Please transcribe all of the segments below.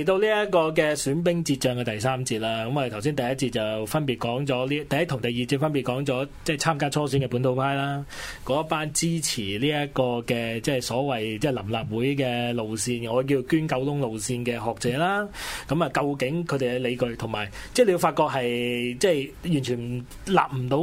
嚟到呢一個嘅損兵折將嘅第三節啦，咁我哋頭先第一節就分別講咗呢，第一同第二節分別講咗，即係參加初選嘅本土派啦，嗰一班支持呢一個嘅即係所謂即係臨立會嘅路綫，我叫捐九龍路綫嘅學者啦，咁啊究竟佢哋嘅理據同埋，即係你會發覺係即係完全立唔到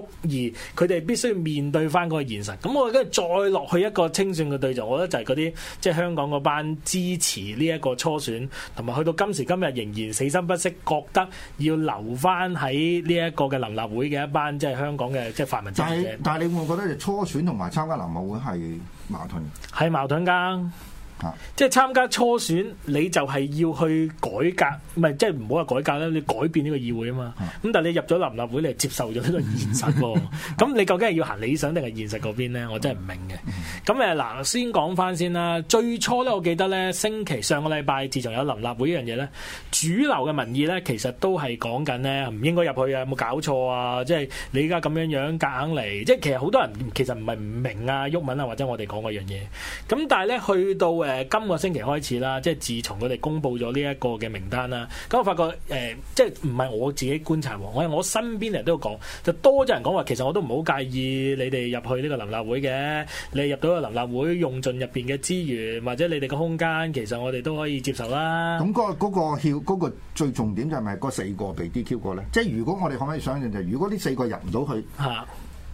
足，而佢哋必須要面對翻個現實，實，咁我跟住再落去一個清算嘅對象，我覺得就係嗰啲即係香港嗰班支持呢一個初選。同埋去到今時今日仍然死心不息，覺得要留翻喺呢一個嘅臨立會嘅一班即係香港嘅即係泛民政者但。但係但你會唔會覺得初選同埋參加臨立會係矛盾？係矛盾㗎。即係參加初選，你就係要去改革，唔係即係唔好話改革啦，你改變呢個議會啊嘛。咁但係你入咗臨立會，你就接受咗呢個現實喎。咁 你究竟係要行理想定係現實嗰邊咧？我真係唔明嘅。咁嗱，先講翻先啦。最初咧，我記得咧，星期上個禮拜自從有臨立會呢樣嘢咧，主流嘅民意咧，其實都係講緊咧唔應該入去啊！有冇搞錯啊？即係你而家咁樣樣夾硬嚟，即係其實好多人其實唔係唔明啊，郁文啊，或者我哋講嗰樣嘢。咁但係咧，去到誒、呃、今個星期開始啦，即係自從佢哋公布咗呢一個嘅名單啦，咁我發覺誒、呃，即係唔係我自己觀察喎，我係我身邊人都有講，就多咗人講話，其實我都唔好介意你哋入去呢個林立會嘅，你入到個臨立會用盡入邊嘅資源或者你哋嘅空間，其實我哋都可以接受啦。咁嗰嗰個最重點就係咪嗰四個被 DQ 過咧？即係如果我哋可唔可以想象就係、是，如果呢四個入唔到去，嚇，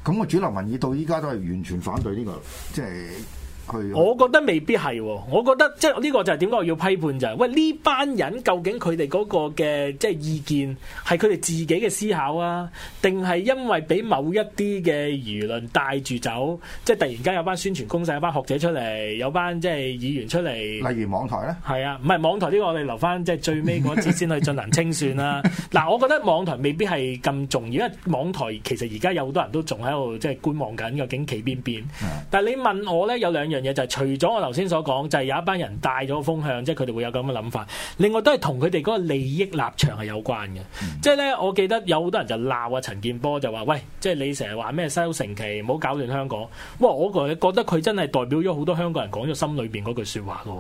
咁個主流民意到依家都係完全反對呢、這個，即係。 我覺得未必係，我覺得即係呢個就係點解我要批判，就係喂，呢班人究竟佢哋嗰個嘅即係意見係佢哋自己嘅思考啊，定係因為俾某一啲嘅輿論帶住走？即係突然間有班宣傳攻勢，有班學者出嚟，有班即係議員出嚟。例如網台咧，係啊，唔係網台呢個我哋留翻即係最尾嗰次先去進行清算啦。嗱、 啊，我覺得網台未必係咁重要，因為網台其實而家有好多人都仲喺度即係觀望緊究竟企邊邊，但係你問我咧，有兩。樣嘢就係除咗我頭先所講，就係有一班人帶咗個風向，即係佢哋會有咁嘅諗法。另外都係同佢哋嗰個利益立場係有關嘅。即係咧，我記得有好多人就鬧啊，陳健波就話：喂，即係你成日話咩收成期，唔好搞亂香港。哇！我個人覺得佢真係代表咗好多香港人講咗心裏邊嗰句說話嘅。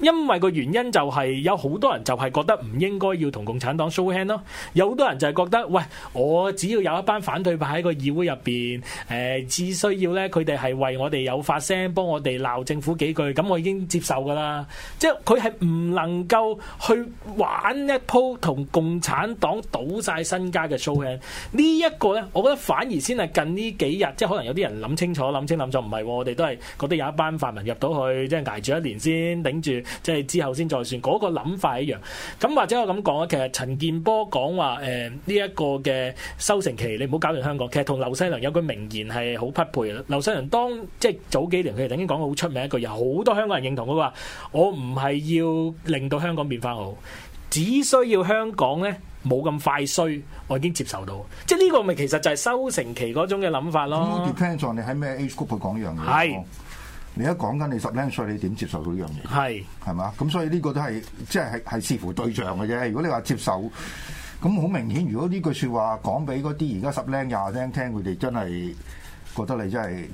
因為個原因就係有好多人就係覺得唔應該要同共產黨 show hand 咯。有好多人就係覺得：喂，我只要有一班反對派喺個議會入邊，誒，只需要咧佢哋係為我哋有發聲，幫我哋。鬧政府幾句咁，我已經接受噶啦。即係佢係唔能夠去玩一鋪同共產黨賭晒身家嘅 show hand，呢一個咧，我覺得反而先係近呢幾日，即係可能有啲人諗清楚、諗清諗楚唔係、哦、我哋都係覺得有一班泛民入到去，即係挨住一年先頂住，即係之後先再算。嗰、嗰個諗法一樣。咁或者我咁講啊，其實陳建波講話誒呢一個嘅收成期，你唔好搞亂香港。其實同劉世良有句名言係好匹配嘅。劉世良當即係早幾年佢哋曾經講過。好出名一句，有好多香港人認同佢話：我唔係要令到香港變翻好，只需要香港咧冇咁快衰，我已經接受到。即係呢個咪其實就係收成期嗰種嘅諗法咯。Depend，你喺咩 age group 去講呢樣嘢？係你而家講緊你十零歲，你點接受到呢樣嘢？係係嘛？咁所以呢個都係即係係係視乎對象嘅啫。如果你話接受，咁好明顯，如果呢句說話講俾嗰啲而家十零廿零聽，佢哋真係覺得你真係。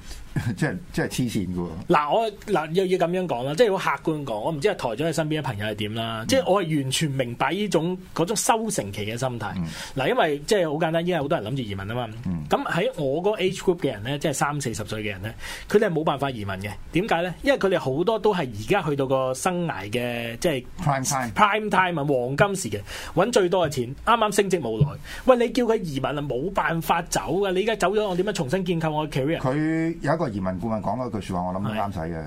即係即係黐線噶喎！嗱、 啊，我嗱又要咁樣講啦，要即係好客觀講，我唔知台長喺身邊嘅朋友係點啦，嗯、即係我係完全明白呢種嗰種收成期嘅心態。嗱，嗯、因為即係好簡單，因為好多人諗住移民啊嘛。咁喺、嗯、我個 age group 嘅人咧，即係三四十歲嘅人咧，佢哋係冇辦法移民嘅。點解咧？因為佢哋好多都係而家去到個生涯嘅即係 pr prime time prime time 啊，黃金時期，揾最多嘅錢，啱啱升職冇耐。喂，你叫佢移民啊，冇辦法走噶、啊。你而家走咗，我點樣重新建構我嘅 career？佢有一個。移民顧問講嗰一句說話，我諗都啱使嘅。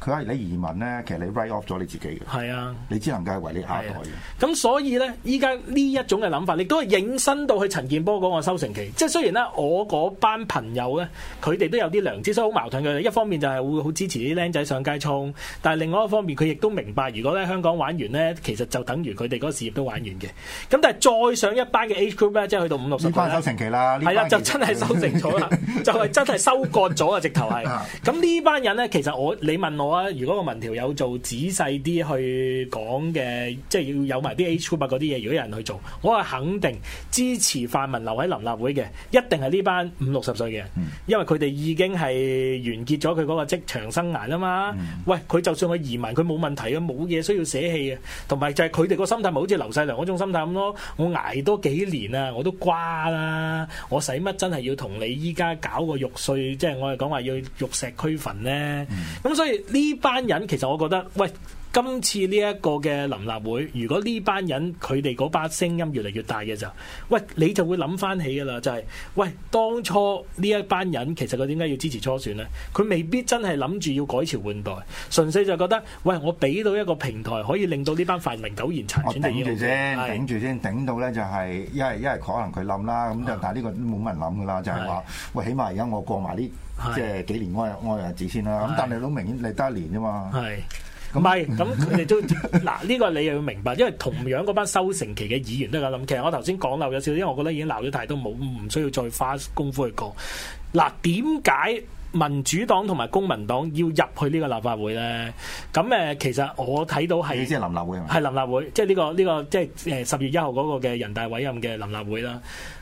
佢喺你移民咧，其實你 write off 咗你自己嘅，係啊，你只能夠係為你下一代嘅。咁、啊、所以咧，依家呢一種嘅諗法，亦都係引申到去陳健波嗰個收成期。即係雖然咧，我嗰班朋友咧，佢哋都有啲良知，所以好矛盾佢哋，一方面就係會好支持啲僆仔上街衝，但係另外一方面佢亦都明白，如果咧香港玩完咧，其實就等於佢哋嗰個事業都玩完嘅。咁但係再上一班嘅 age group 咧，即係去到五六十，已經收成期啦，係啦、啊，就真係收成咗啦， 就係真係收割咗啊！直頭係，咁呢 班人咧，其實我你問我。啊、如果個民調有做仔細啲去講嘅，即係要有埋啲 HUB 嗰啲嘢，如果有人去做，我係肯定支持泛民留喺臨立會嘅，一定係呢班五六十歲嘅，因為佢哋已經係完結咗佢嗰個職場生涯啦嘛。Mm. 喂，佢就算去移民，佢冇問題嘅，冇嘢需要捨棄同埋就係佢哋個心態，咪好似劉細良嗰種心態咁咯。我捱多幾年啊，我都瓜啦，我使乜真係要同你依家搞個玉碎？即、就、係、是、我係講話要玉石俱焚咧。咁、mm. 所以。呢班人其實我覺得，喂。今次呢一個嘅臨立會，如果呢班人佢哋嗰把聲音越嚟越大嘅就，喂你就會諗翻起噶啦，就係、是、喂當初呢一班人其實佢點解要支持初選咧？佢未必真係諗住要改朝換代，純粹就覺得喂我俾到一個平台可以令到呢班泛民苟延殘喘。我頂住先，頂住先，頂到咧就係一係一係可能佢冧啦，咁就、啊、但呢個都冇乜人諗噶啦，就係、是、話是喂起碼而家我過埋呢即係幾年安日安日，日子先啦。咁是但係都明顯你得一年啫嘛。唔咁佢哋都嗱呢、這個你又要明白，因為同樣嗰班收成期嘅議員都咁諗。其實我頭先講漏咗少，因為我覺得已經漏咗太多，冇唔需要再花功夫去講。嗱，點解民主黨同埋公民黨要入去呢個立法會咧？咁其實我睇到係即係林立會係林立會即係呢、這個呢、這個即係誒十月一號嗰個嘅人大委任嘅林立會啦。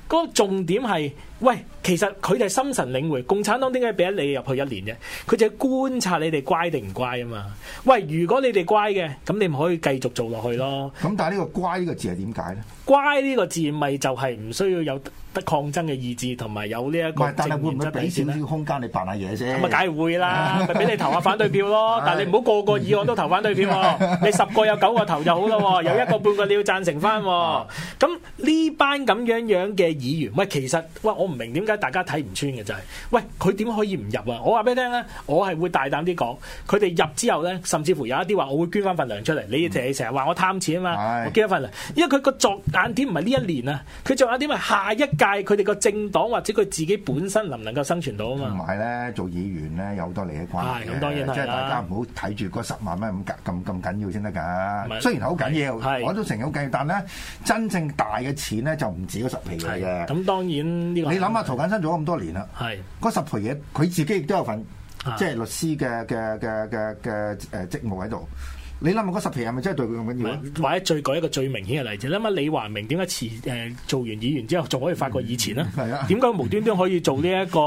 嗰個重點係，喂，其實佢哋心神領會，共產黨點解俾你入去一年啫？佢就係觀察你哋乖定唔乖啊嘛。喂，如果你哋乖嘅，咁你咪可以繼續做落去咯。咁但係呢個乖呢個字係點解咧？乖呢個字咪就係唔需要有得抗爭嘅意志，同埋有呢一個正面嘅表現少少空間你扮下嘢先，咁咪梗係會啦，咪俾 你投下反對票咯。 但係你唔好個個議案都投反對票， 你十個有九個投就好啦， 有一個半個你要贊成翻。咁呢 班咁樣樣嘅。議員喂，其實喂，我唔明點解大家睇唔穿嘅就係、是，喂佢點可以唔入啊？我話俾你聽咧，我係會大膽啲講，佢哋入之後咧，甚至乎有一啲話我會捐翻份糧出嚟。你哋成日話我貪錢啊嘛，是的 我捐一份糧，因為佢個着眼點唔係呢一年啊，佢 着眼點係下一屆佢哋個政黨或者佢自己本身能唔能夠生存到啊嘛。唔係咧，做議員咧有好多利益關係，即係、啊、大家唔好睇住嗰十萬蚊咁緊咁緊要先得㗎。不是 雖然好緊要，是的 我都成日計，但咧是的 真正大嘅錢咧就唔止嗰十皮嘅。咁、呃、當然呢個，你諗下陶簡生做咗咁多年啦，嗰的十倍嘢，佢自己亦都有份，即係的律師嘅嘅嘅嘅嘅誒職務喺度。你諗下嗰十皮係咪真係對佢用緊要？或者再舉一個最明顯嘅例子，諗下李華明點解辭誒、呃、做完議員之後仲可以發覺以前咧？係、嗯、啊！點解無端端可以做呢、這、一個誒高、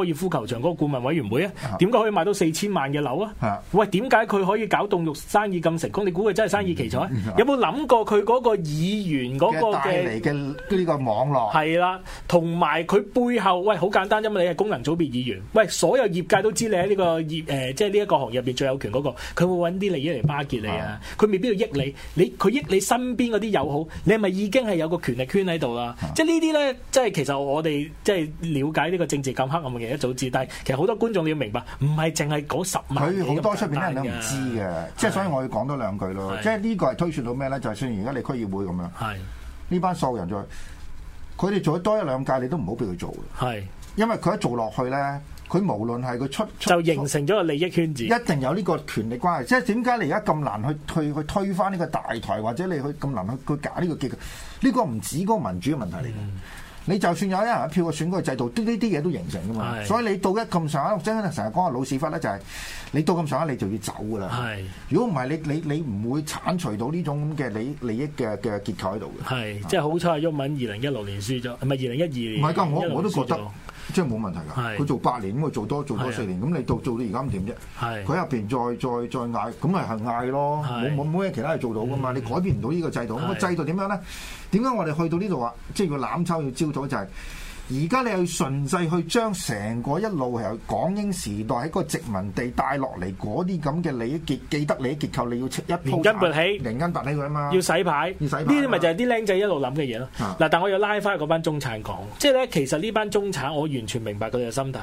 呃、爾夫球場嗰個顧問委員會啊？點解可以買到四千萬嘅樓啊？喂，點解佢可以搞凍肉生意咁成功？你估佢真係生意奇才？嗯啊、有冇諗過佢嗰個議員嗰個嘅帶嚟嘅呢個網絡？係啦、啊，同埋佢背後喂好簡單，因為你係功能組別議員，喂所有業界都知你喺呢、這個業即係呢一個行業入面最有權嗰、那個，佢會揾啲利益嚟。巴結你啊！佢未必要益你，你佢益你身邊嗰啲友好，你係咪已經係有個權力圈喺度啦？即係呢啲咧，即係其實我哋即係了解呢個政治咁黑暗嘅一早知。但係其實好多觀眾你要明白，唔係淨係嗰十萬。佢好多出面啲人都唔知嘅，即係是所以我要講多兩句咯。是即係呢個係推算到咩咧？就係雖然而家你區議會咁樣。呢是班數人就，佢哋做多一兩屆，你都唔好俾佢做。係是因為佢一做落去咧。佢無論係佢出，就形成咗個利益圈子，一定有呢個權力關係。即係點解你而家咁難去去去推翻呢個大台，或者你去咁難去去搞呢個結構？呢個唔止嗰個民主嘅問題嚟嘅。你就算有一人一票嘅選舉制度，呢啲啲嘢都形成㗎嘛。所以你到一咁上，即係成日講話老屎忽咧，就係你到咁上下，你就要走㗎啦。係，如果唔係你你你唔會剷除到呢種咁嘅利利益嘅嘅結構喺度嘅。係，即係好彩，毓民二零一六年輸咗，係咪二零一二？唔係，我我都覺得。即係冇問題㗎，佢是做八年咁，佢做多做多四年，咁是的 你到做到而家咁點啫？佢入邊再再再嗌，咁咪係嗌咯，冇冇冇咩其他嘢做到㗎嘛？嗯、你改變唔到呢個制度，咁個是的 制度點樣咧？點解我哋去到這裡呢度話，即係佢攬炒要焦土就係、是？而家你係順勢去將成個一路係港英時代喺個殖民地帶落嚟嗰啲咁嘅利益記得利益結構，你要一連根拔起，連根拔起佢啊嘛，要洗牌，要洗牌，呢啲咪就係啲僆仔一路諗嘅嘢咯。嗱，但係我又拉翻嗰班中產講，即係咧，其實呢班中產我完全明白佢哋嘅心態，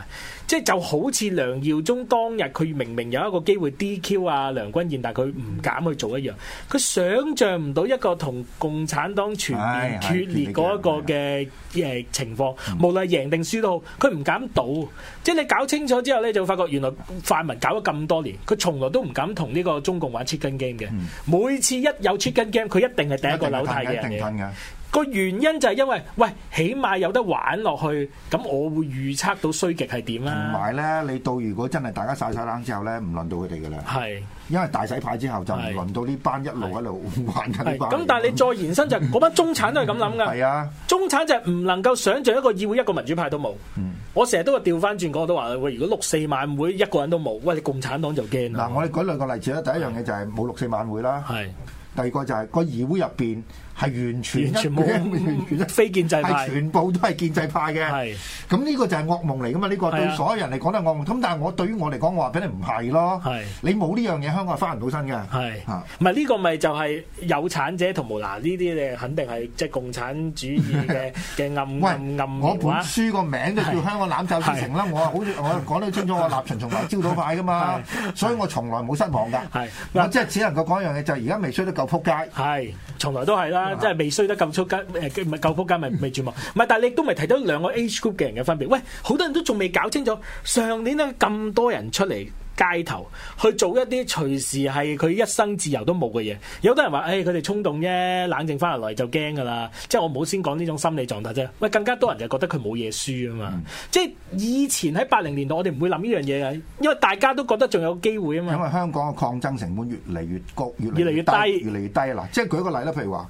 即係就好似梁耀忠當日佢明明有一個機會 DQ 啊梁君彥，但係佢唔敢去做一樣，佢想像唔到一個同共產黨全面決裂嗰一個嘅誒情況。無論係贏定輸都好，佢唔敢賭。即係你搞清楚之後咧，你就發覺原來泛民搞咗咁多年，佢從來都唔敢同呢個中共玩切斤 game 嘅。每次一有切斤 game，佢一定係第一個扭軚嘅嘢。個原因就係因為，喂，起碼有得玩落去，咁我會預測到衰極係點啦。唔係咧，你到如果真係大家晒晒冷之後咧，唔輪到佢哋噶啦。係是，因為大洗牌之後就唔輪到呢班一路喺度是玩嘅這咁但係你再延伸就是，嗰 班中產都係咁諗噶。係啊，中產就係唔能夠想象一個議會一個民主派都冇。嗯，我成日都話調翻轉講，我都話，喂，如果六四晚會一個人都冇，喂，共產黨就驚。嗱，我哋舉兩個例子啦，第一樣嘢就係冇六四晚會啦。係是，第二個就係個議會入邊。係完全完全非建制派，全部都係建制派嘅。係咁呢個就係噩夢嚟噶嘛？呢個對所有人嚟講都係噩夢。咁但係我對於我嚟講，我話俾你唔係咯。係你冇呢樣嘢，香港係翻唔到身嘅。係唔係呢個咪就係有產者同無啦呢啲嘢，肯定係即係共產主義嘅嘅暗暗，我本書個名都叫《香港攬罩之城》啦，我啊好，我講得清楚，我立場從來超左派噶嘛，所以我從來冇失望㗎。係即係只能夠講一樣嘢，就係而家未衰得夠撲街。係，從來都係啦。即係未衰得咁粗街誒，唔係街咪未絕望。唔係 但你亦都未提到兩個 age group 嘅人嘅分別。喂，好多人都仲未搞清楚上年咧咁多人出嚟街頭去做一啲隨時係佢一生自由都冇嘅嘢。有啲人話：，誒、哎，佢哋衝動啫，冷靜翻落嚟就驚㗎啦。即係我唔好先講呢種心理狀態啫。喂，更加多人就覺得佢冇嘢輸啊嘛。嗯、即係以前喺八零年代，我哋唔會諗呢樣嘢嘅，因為大家都覺得仲有機會啊嘛。因為香港嘅抗爭成本越嚟越高，越嚟越低，越嚟越低啦。即係舉一個例啦，譬如話。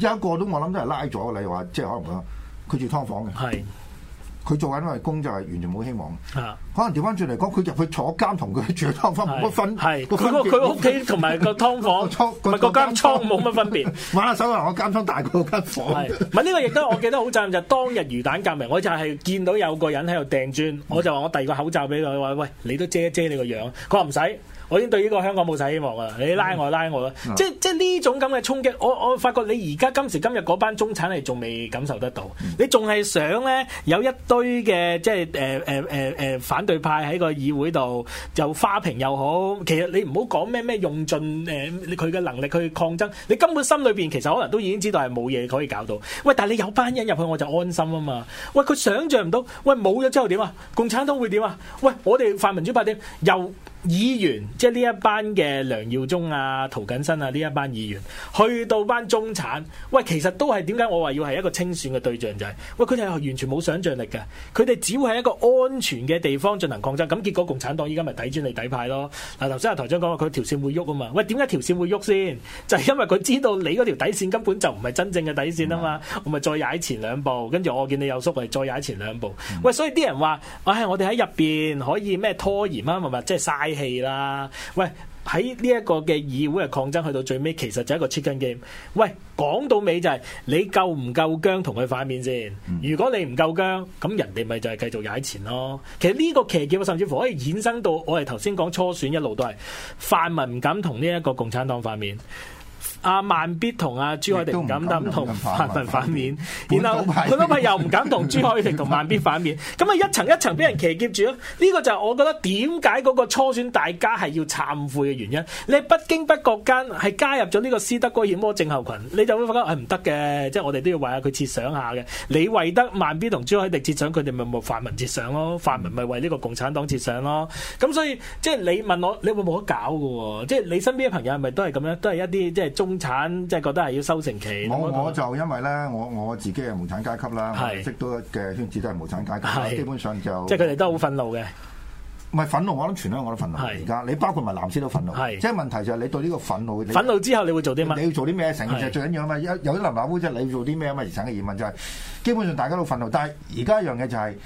有一個都我諗都係拉咗，你話話，即係可能佢住劏房嘅，佢是、啊、做緊份工就係完全冇希望。可能調翻轉嚟講，佢入去坐監，同佢住劏房冇乜分。係佢個佢屋企同埋個劏房，同埋 個監倉冇乜分別。玩下手啦，我監倉大過個間房。係，呢個亦都我記得好讚就係、是、當日魚蛋革命，我就係見到有個人喺度掟磚，我就話我第二個口罩俾佢，話喂，你都遮一遮你個樣。佢話唔使，我已經對呢個香港冇晒希望啦。你拉我拉我啦、嗯，即係即係呢種咁嘅衝擊，我我發覺你而家今時今日嗰班中產係仲未感受得到，你仲係想咧有一堆嘅即係、呃呃呃、反。反對派喺個議會度就花瓶又好，其實你唔好講咩咩用盡誒佢嘅能力去抗爭，你根本心裏邊其實可能都已經知道係冇嘢可以搞到。喂，但係你有班人入去我就安心啊嘛。喂，佢想象唔到，喂冇咗之後點啊？共產黨會點啊？喂，我哋泛民主派點又？議員即係呢一班嘅梁耀忠啊、涂謹申啊呢一班議員去到班中產，喂，其實都係點解我話要係一個清算嘅對象就係、是，喂，佢哋係完全冇想像力嘅，佢哋只會喺一個安全嘅地方進行抗爭，咁結果共產黨依家咪睇穿你底牌咯。嗱、啊，頭先阿台長講話佢條線會喐啊嘛，喂，點解條線會喐先？就係、是、因為佢知道你嗰條底線根本就唔係真正嘅底線啊嘛，mm hmm. 我咪再踩前兩步，跟住我見你有縮，我哋再踩前兩步。喂、mm，hmm. 所以啲人話、哎，我我哋喺入邊可以咩拖延啊，唔咪，即係曬。氣啦！喂，喺呢一個嘅議會嘅抗爭，去到最尾，其實就係一個 chicken game。喂，講到尾就係你夠唔夠薑同佢反面先。嗯、如果你唔夠薑，咁人哋咪就係繼續踩錢咯。其實呢個騎劫甚至乎可以衍生到，我哋頭先講初選一路都係泛民唔敢同呢一個共產黨反面。阿、啊、慢必同阿朱凱廸唔敢同泛民反面，都反面然後佢老婆又唔敢同朱凱廸同慢必反面，咁啊 一層一層俾人騎劫住咯。呢、這個就係我覺得點解嗰個初選大家係要懺悔嘅原因。你不經不覺間係加入咗呢個斯德哥爾摩症候群，你就會發覺係唔得嘅，哎，即係我哋都要為下佢設想下嘅。你為得慢必同朱凱廸設想，佢哋咪冇泛民設想咯，泛民咪為呢個共產黨設想咯。咁所以即係你問我，你會冇得搞嘅，即係你身邊嘅朋友係咪都係咁樣，都係一啲即係中。產即係覺得係要收成期，我我就因為咧，我我自己係無產階級啦，是我識到嘅圈子都係無產階級，是基本上就即係佢哋都好憤怒嘅、嗯。唔係憤怒，我諗全香港都憤怒。而家是你包括埋藍絲都憤怒。是即係問題就係你對呢個憤怒，憤是你怒之後你會做啲乜？你要做啲咩？成件事最緊要啊嘛！是有啲林立夫即係你要做啲咩啊嘛？而產嘅疑問就係、是，基本上大家都憤怒。但係而家一樣嘢就係、是，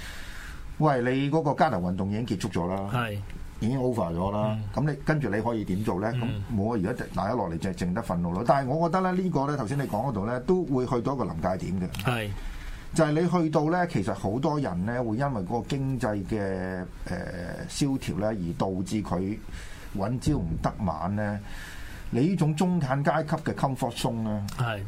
喂，你嗰個街頭運動已經結束咗啦。係。已經 over 咗啦，咁你跟住、嗯、你可以點做咧？咁冇啊！而家大一落嚟就係淨得憤怒咯。但係我覺得咧，呢個咧頭先你講嗰度咧，都會去到一個臨界點嘅。係是，就係你去到咧，其實好多人咧會因為嗰個經濟嘅誒蕭條咧，而導致佢搵朝唔得晚咧。嗯你呢種中產階級嘅 comfort zone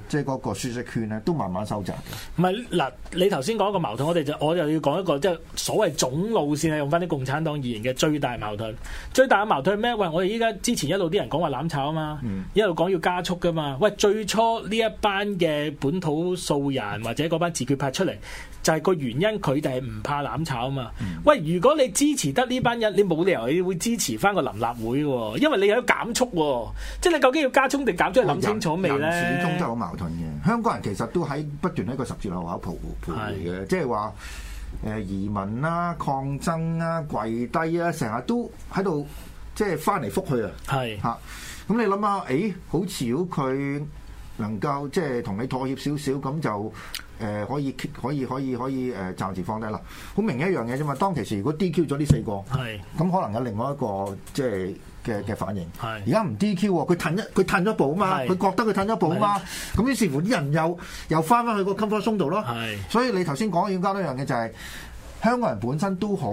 即係嗰個舒適圈咧，都慢慢收窄不。唔係嗱，你頭先講一個矛盾，我哋就我又要講一個即係、就是、所謂總路線啊，用翻啲共產黨而言嘅最大矛盾、最大嘅矛盾係咩？喂，我哋依家之前一路啲人講話攬炒啊嘛，嗯、一路講要加速噶嘛。喂，最初呢一班嘅本土素人或者嗰班自決派出嚟，就係、是、個原因，佢哋係唔怕攬炒啊嘛。嗯、喂，如果你支持得呢班人，你冇理由你會支持翻個臨立會喎、哦，因為你有減速喎、哦，即係。究竟要加充定減，去諗清楚未咧？人始終真係好矛盾嘅。香港人其實都喺不斷喺個十字路口徘徊嘅，即係話誒移民啦、啊、抗爭啊、跪低啊，成日都喺度即係翻嚟覆去啊。係嚇是、啊，咁你諗下，誒、欸、好似佢。能夠即係同你妥協少少咁就誒可以可以可以可以誒、呃、暫時放低啦。好明一樣嘢啫嘛。當其時如果 DQ 咗呢四個，係咁是可能有另外一個即係嘅嘅反應。係而家唔 DQ 喎，佢褪一佢褪咗步啊嘛，佢是覺得佢褪咗步啊嘛。咁是於是乎啲人又又翻返去個 comfort zone 度咯。係是，所以你頭先講要加多樣嘢就係、是、香港人本身都好。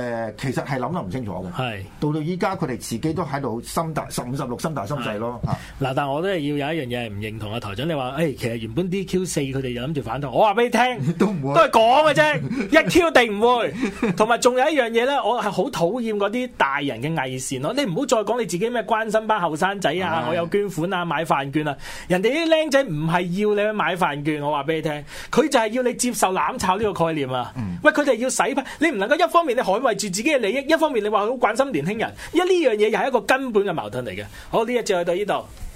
誒，其實係諗得唔清楚嘅。係是到到依家，佢哋自己都喺度心大十五十六，心大心細咯。嗱的，啊、但係我都係要有一樣嘢係唔認同啊，台長你話，誒、哎，其實原本 DQ 四佢哋就諗住反對，我話俾你聽，都唔會，都係講嘅啫。 一 Q 定唔會。同埋仲有一樣嘢咧，我係好討厭嗰啲大人嘅偽善咯。你唔好再講你自己咩關心班後生仔啊，的我有捐款啊，買飯券啊。人哋啲僆仔唔係要你去買飯券，我話俾你聽，佢就係要你接受攬炒呢個概念啊。喂，佢哋要洗翻，你唔能夠一方面你海。維持自己嘅利益，一方面你話好關心年輕人，一呢樣嘢又係一個根本嘅矛盾嚟嘅。好，呢一節去到呢度。